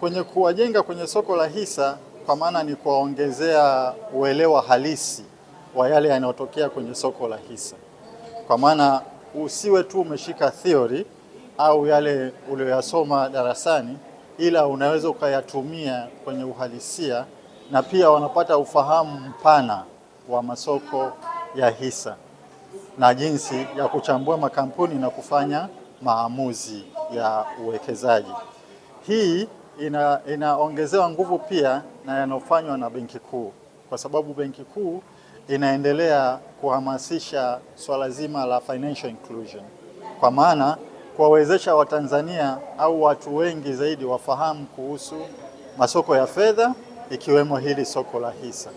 kwenye kuwajenga kwenye soko la hisa, kwa maana ni kuwaongezea uelewa halisi wa yale yanayotokea kwenye soko la hisa, kwa maana usiwe tu umeshika theory au yale uliyoyasoma darasani, ila unaweza ukayatumia kwenye uhalisia, na pia wanapata ufahamu mpana wa masoko ya hisa na jinsi ya kuchambua makampuni na kufanya maamuzi ya uwekezaji. Hii ina, inaongezewa nguvu pia na yanofanywa na Benki Kuu, kwa sababu Benki Kuu inaendelea kuhamasisha swala zima la financial inclusion, kwa maana kuwawezesha Watanzania au watu wengi zaidi wafahamu kuhusu masoko ya fedha ikiwemo hili soko la hisa.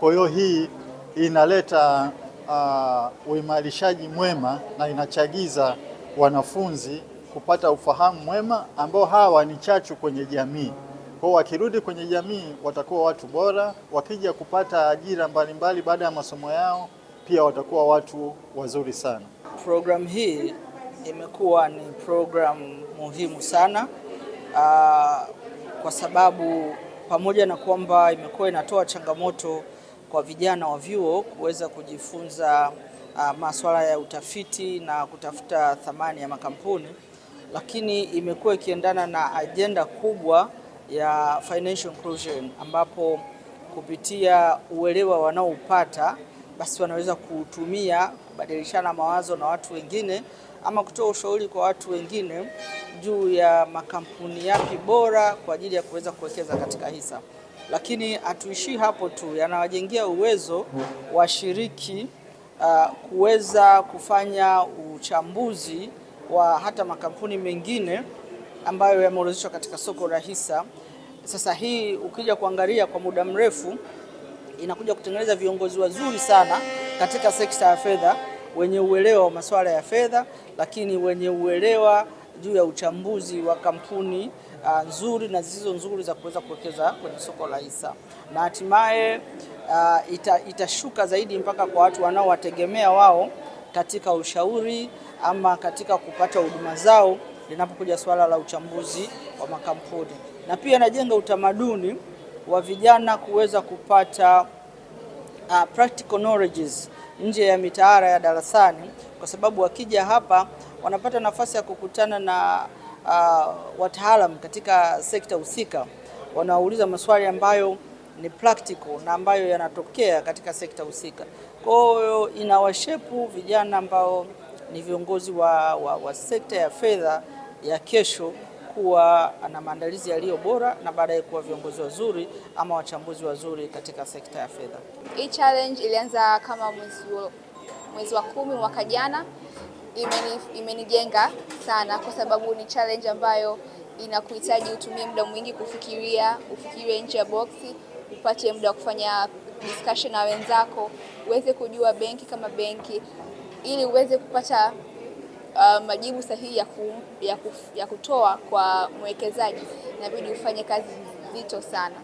Kwa hiyo hii inaleta uh, uimarishaji mwema na inachagiza wanafunzi kupata ufahamu mwema ambao hawa ni chachu kwenye jamii. Kwa wakirudi kwenye jamii watakuwa watu bora, wakija kupata ajira mbalimbali baada ya masomo yao pia watakuwa watu wazuri sana. Programu hii imekuwa ni programu muhimu sana aa, ah, kwa sababu pamoja na kwamba imekuwa inatoa changamoto kwa vijana wa vyuo kuweza kujifunza uh, ah, masuala ya utafiti na kutafuta thamani ya makampuni lakini imekuwa ikiendana na ajenda kubwa ya financial inclusion ambapo kupitia uelewa wanaoupata basi wanaweza kuutumia kubadilishana mawazo na watu wengine ama kutoa ushauri kwa watu wengine juu ya makampuni yapi bora kwa ajili ya kuweza kuwekeza katika hisa. Lakini hatuishii hapo tu, yanawajengea uwezo washiriki uh, kuweza kufanya uchambuzi wa hata makampuni mengine ambayo yameorodheshwa katika soko la hisa. Sasa hii ukija kuangalia kwa muda mrefu, inakuja kutengeneza viongozi wazuri sana katika sekta ya fedha, wenye uelewa wa masuala ya fedha, lakini wenye uelewa juu ya uchambuzi wa kampuni uh, nzuri na zisizo nzuri za kuweza kuwekeza kwenye soko la hisa na hatimaye uh, ita, itashuka zaidi mpaka kwa watu wanaowategemea wao katika ushauri ama katika kupata huduma zao linapokuja swala la uchambuzi wa makampuni, na pia anajenga utamaduni wa vijana kuweza kupata uh, practical knowledges nje ya mitaala ya darasani, kwa sababu wakija hapa wanapata nafasi ya kukutana na uh, wataalamu katika sekta husika, wanauliza maswali ambayo ni practical na ambayo yanatokea katika sekta husika. Kwa hiyo inawashepu vijana ambao ni viongozi wa, wa, wa sekta ya fedha ya kesho kuwa na maandalizi yaliyo bora na baadaye kuwa viongozi wazuri ama wachambuzi wazuri katika sekta ya fedha. Hii challenge ilianza kama mwezi mwezi wa kumi mwaka jana. Imenijenga imeni sana kwa sababu ni challenge ambayo inakuhitaji utumie muda mwingi kufikiria, ufikirie nje ya boksi upate muda wa kufanya discussion na wenzako, uweze kujua benki kama benki, ili uweze kupata uh, majibu sahihi ya, ku, ya, ku, ya kutoa kwa mwekezaji, inabidi ufanye kazi nzito sana.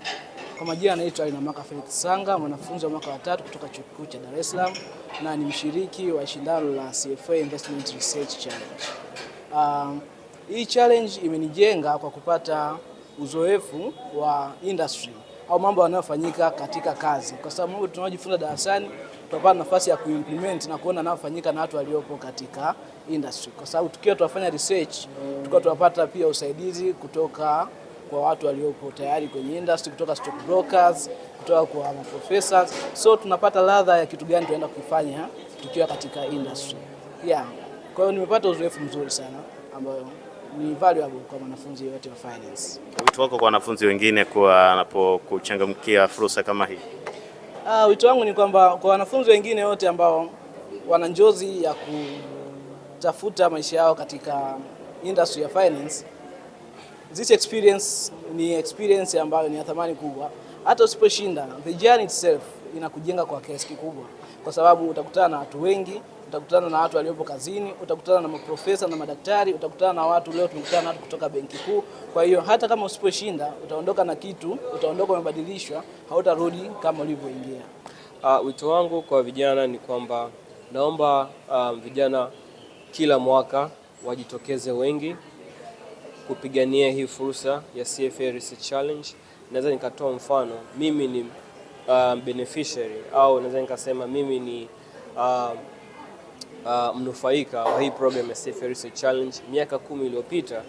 Kwa majina anaitwa Ainamaka Felix Sanga, mwanafunzi wa mwaka wa tatu kutoka Chuo Kikuu cha Dar es Salaam na ni mshiriki wa shindano la CFA Investment Research Challenge. Um, hii challenge imenijenga kwa kupata uzoefu wa industry au mambo yanayofanyika katika kazi, kwa sababu mambo tunaojifunza darasani tutapata nafasi ya kuimplement na kuona yanayofanyika na watu waliopo katika industry, kwa sababu tukiwa tunafanya research tukiwa tunapata pia usaidizi kutoka kwa watu waliopo tayari kwenye industry, kutoka stock brokers, kutoka kwa professors, so tunapata ladha ya kitu gani tunaenda kufanya tukiwa katika industry yeah. Kwa hiyo nimepata uzoefu mzuri sana ambayo ni valuable kwa wanafunzi wote wa finance. Wito wako kwa wanafunzi wengine kwa anapokuchangamkia fursa kama hii? Ah, wito wangu ni kwamba kwa wanafunzi wengine wote ambao wana njozi ya kutafuta maisha yao katika industry ya finance, this experience ni experience ambayo ni ya thamani kubwa, hata usiposhinda the journey itself inakujenga kwa kiasi kikubwa, kwa sababu utakutana na watu wengi, utakutana na watu waliopo kazini, utakutana na maprofesa na madaktari, utakutana na watu leo tumekutana na watu kutoka benki kuu. Kwa hiyo hata kama usiposhinda utaondoka na kitu, utaondoka umebadilishwa, hautarudi kama ulivyoingia. Uh, wito wangu kwa vijana ni kwamba naomba uh, vijana kila mwaka wajitokeze wengi kupigania hii fursa ya CFA Research Challenge. Naweza nikatoa mfano, mimi ni uh, beneficiary au naweza nikasema mimi ni uh, uh, mnufaika wa hii program ya Safe Research Challenge. Miaka kumi iliyopita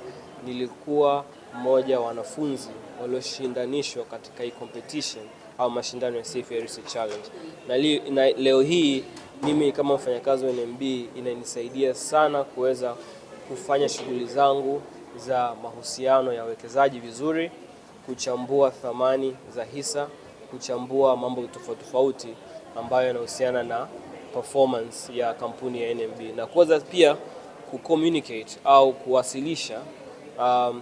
nilikuwa mmoja wa wanafunzi walioshindanishwa katika hii competition au mashindano ya Safe Research Challenge na, li, na leo hii mimi kama mfanyakazi wa NMB inanisaidia sana kuweza kufanya shughuli zangu za mahusiano ya wekezaji vizuri, kuchambua thamani za hisa kuchambua mambo tofauti tofauti ambayo yanahusiana na performance ya kampuni ya NMB na kuweza pia kucommunicate au kuwasilisha um,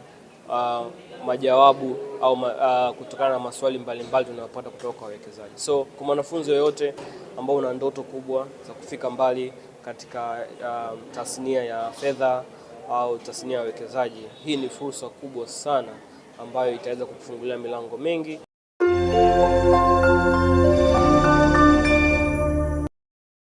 uh, majawabu au uh, kutokana na maswali mbalimbali tunayopata kutoka kwa wawekezaji. So kwa mwanafunzi yoyote ambao una ndoto kubwa za kufika mbali katika um, tasnia ya fedha au tasnia ya wawekezaji, hii ni fursa kubwa sana ambayo itaweza kukufungulia milango mengi. you